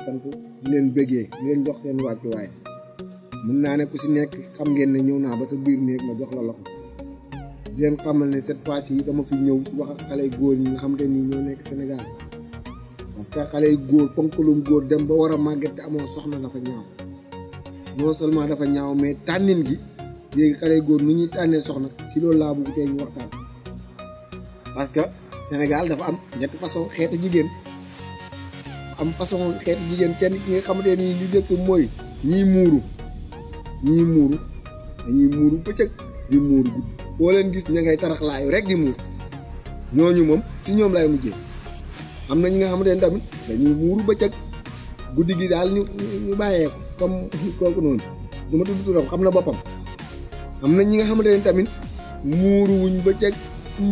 sant di leen bëggee di leen jox seen wàccuwaay mën naa ne ku si nekk xam ngeen ne ñëw naa ba sa biir néeg ma jox la loxo di leen xamal ne cette fois ci dama fi ñëw wax ak xale góor ñi xam te ni ñoo nekk Sénégal parce que xale góor ponkalum góor dem ba war a màgget te amoo soxna dafa ñaaw non seulement dafa ñaaw mais tànnin gi léegi xale góor ni ñuy tànnee soxna si loolu laa bëgg ñu waxtaan parce que Sénégal dafa am ñetti façon xeetu jigéen. am façon xeetu jigéen kenn ki nga xamante ni li jëkk mooy ñii muuru ñii muuru dañuy muuru bëccëg boo leen gis ña ngay tarax laayu rek di moom si ñoom lay mujjee am na nga xamante ni tamit dañuy muuru bëccëg guddi gi daal ñu ñu comme kooku noonu du ma xam na boppam am na ñi nga xamante ne tamit muuru wuñ bëccëg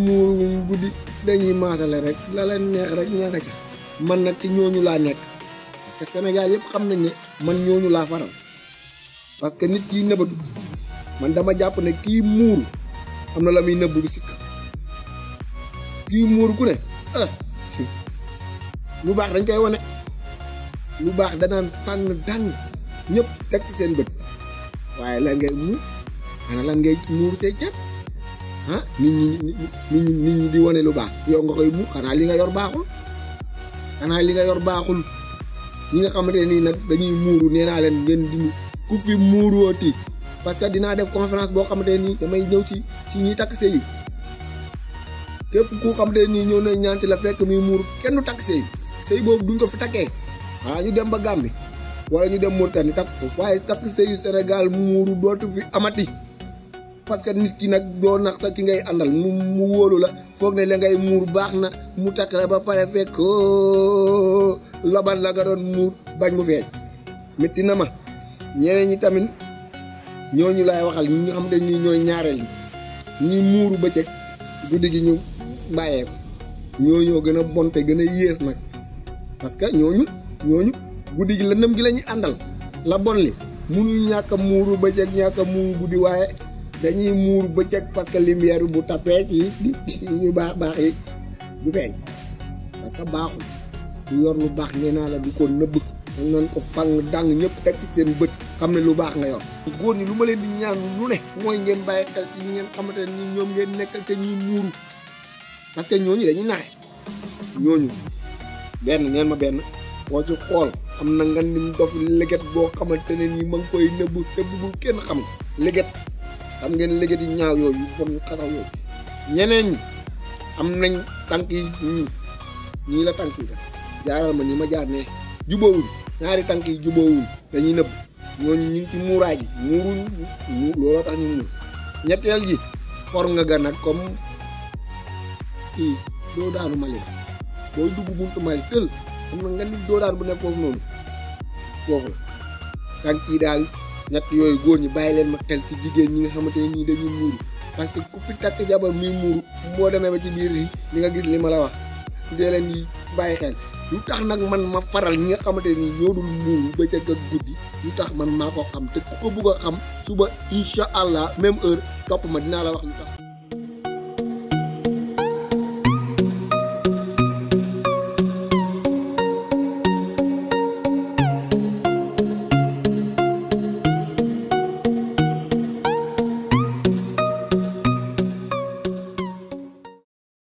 muuru guddi dañuy maasale rek la leen neex rek ña nga ca man nag ci ñooñu laa nekk parce que Sénégal yëpp xam nañ ne man ñooñu laa faral parce que nit kiy nëbbatu man dama jàpp ne kii muuru am na la muy nëbbu di sikk kii muuru ku ne ah lu baax dañ koy wane lu baax danaan fànn dàng ñëpp teg ci seen bët waaye lan ngay muur xanaa lan ngay muur say cat ah nit ñi nit ñi di wone lu baax yow nga koy muur xanaa li nga yor baaxul. xanaa li nga yor baaxul ñi nga xamante nii nag dañuy muuru nee naa leen ngeen di ku fi muurooti parce que dinaa def conférence boo xamante nii damay ñëw si si ñuy takk sëy yi képp ku xamante nii ñëw na ñaan si la fekk muy muur kenn du takk sëy sëy boobu duñ ko fi takkee xanaa ñu dem ba Gàmbi wala ñu dem Mauritanie takk foofu waaye takk sëyu Sénégal mu muuru dootu fi amati parce que nit ki nag doo nax sa ki ngay àndal mu mu wóolu la foog ne la ngay muur baax na mu takk ba pare fekk oh, laban la nga doon muur bañ mu feeñ metti na ma ñeneen ñi tamit ñooñu lay waxal ñi nga xam te ni ñooy ñaareel ñi ñi muuru bëccëg guddi gi ñu bàyyee ko gën a bon te gën a yées nag parce que ñooñu ñooñu guddi gi lëndëm gi lañuy àndal la bon li mënuñ ñàkk a muuru bëccëg ñàkk muuru guddi waaye dañuy muur bëccëg parce que lumière bu tapee ci ñu baax baax yi du feeñ parce baaxul du yor lu baax nee naa la du ko nëbb dañ nan ko fang dàng ñëpp teg seen bët xam ne lu baax nga yor góor ñi lu ma leen di ñaan lu mooy ngeen bàyyi xel ci ngeen xamante ni ñoom ngeen nekkal te ñuy que ñooñu dañuy naxe ñooñu benn neen ma benn boo ci xool am na nga nim dof léget boo xamante ne nii ma ngi koy nëbb te bëggul kenn xam léget xam ngeen léegi di ñaaw yooyu bon yu xasaw yooyu ñeneen am nañ tànk yi ñii la tànk yi jaaral ma ni ma jaar ne jubóowuñ ñaari tànk yi jubóowuñ dañuy nëbb ñooñu ñu ngi ci muuraay ji muuruñ mu looloo tax muur ñetteel ji for nga ga nag comme kii doo daanu Mali la dugg buntu Mali tël am na nga nit doo daan bu nekk foofu noonu foofu daal ñett yooyu góor ñi bàyyi leen ma xel ci jigéen ñi nga xamante ne nii dañuy muuru parce ku fi takk jabar muy muuru boo demee ba ci biir li nga gis li ma la wax dee leen bàyyi xel lu tax nag man ma faral ñi nga xamante ni ñoo dul muuru bëccëg ak guddi lu tax man maa ko xam te ku ko bugg a xam suba incha allah même heure topp ma dinaa la wax lu tax.